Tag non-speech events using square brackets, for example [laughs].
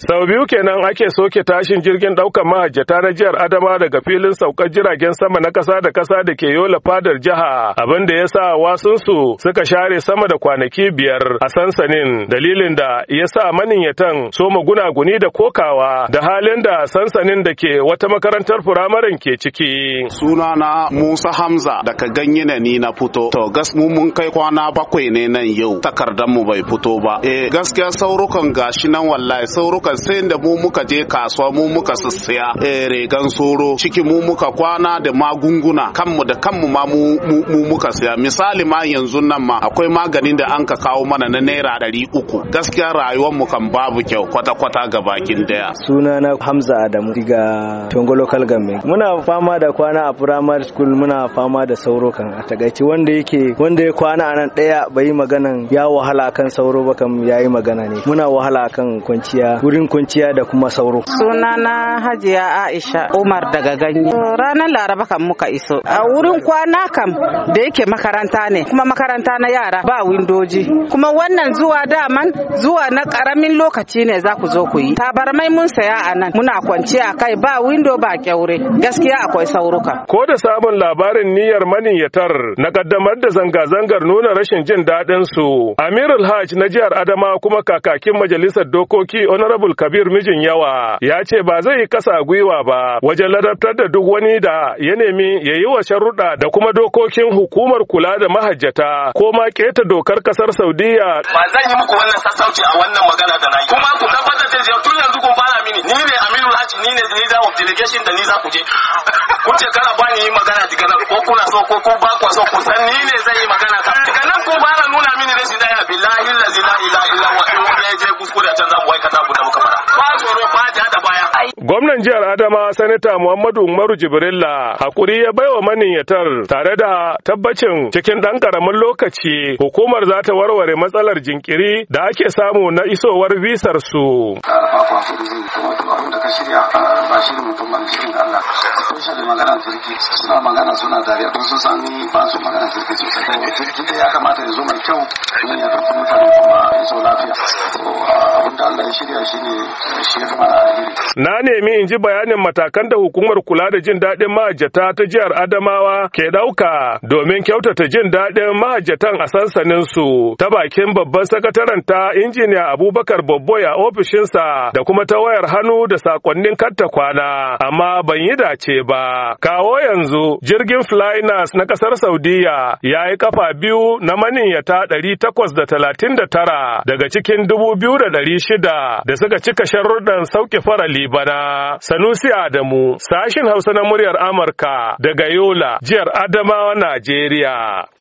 Sau biyu kenan ake soke tashin jirgin ɗaukar mahajjata na jihar Adama daga filin saukar jiragen sama na ƙasa da ƙasa da ke yola fadar jiha abin da ya sa wasunsu suka share sama da kwanaki biyar a sansanin dalilin da ya sa maniyyatan soma gunaguni da kokawa da halin da sansanin da ke wata makarantar firamaren ke ciki. Sunana Musa Hamza daga ganye ni na fito. To gas mu mun kai kwana bakwai ne nan yau takardar mu bai fito ba. Eh gaskiya saurukan gashi nan wallahi saurukan muka sayin da mu muka je kasuwa mu muka sissiya eh, rigan soro ciki mu muka kwana da magunguna kanmu da kanmu ma mu muka siya misali ma yanzu nan ma akwai maganin da an ka kawo mana na naira ɗari uku gaskiya rayuwar mu kan babu kyau kwata-kwata ga bakin daya sunana hamza adamu daga tongo local government muna fama da kwana a primary school muna fama da sauro kan a takaice wanda yake wanda ya kwana a nan ɗaya bai maganan ya wahala kan sauro ba kan yayi magana ne muna wahala kan kwanciya wuri wurin kwanciya da kuma sauro. Sunana Hajiya Aisha Umar daga ganye. Ranar Laraba kan muka iso. A wurin kwana kam da yake makaranta ne kuma makaranta na yara ba windoji. Kuma wannan zuwa daman zuwa na karamin lokaci ne za ku zo ku yi. Tabarmai mun saya a nan muna kwanciya kai ba windo ba kyaure. Gaskiya akwai sauruka. Ko da sabon labarin niyyar maniyyatar na kaddamar da zanga-zangar nuna rashin jin daɗin su. Amirul Hajj na jihar Adama kuma kakakin majalisar dokoki Honorable Abdul Kabir mijin yawa ya ce ba zai kasa gwiwa ba wajen ladabtar da duk wani da ya nemi ya yi wa sharuɗa da kuma dokokin hukumar kula da mahajjata ko ma keta dokar kasar Saudiya. Ba zan yi muku wannan sassauci a wannan magana da na yi. Kuma ku tabbatar da tun yanzu kun fara mini ni ne Aminu Haji ni ne leader of delegation da ni za ku je. [laughs] Kun ce kana ba ni magana daga nan ko kuna so ko ko ba ku so ku san ni ne zai yi magana Gwamnan jihar Adama Sanata Muhammadu Umaru Jibrilla hakuri ya bai wa maniyyatar tare da tabbacin cikin ɗan ƙaramin lokaci hukumar za ta warware matsalar jinkiri da ake samu na isowar visar su. magana suna ya kamata ya zo mai kyau Na nemi in ji bayanin matakan da hukumar kula da jin daɗin mahajjata ta jihar Adamawa ke ɗauka domin kyautata jin daɗin mahajjatan a sansanin su ta bakin babban sakataren ta injiniya Abubakar Bobboy a ofishinsa da kuma ta wayar hannu da sakonnin katta kwana amma ban yi dace ba. Kawo yanzu jirgin Flyners na ƙasar Saudiya ya yi kafa biyu na maniyyata ɗari takwas da talatin da tara daga cikin dubu biyu da shida da suka cika sharruɗan sauke farali bana. Sanusi Adamu, sashin Hausa na muryar Amurka daga Yola, jihar Adamawa, Najeriya.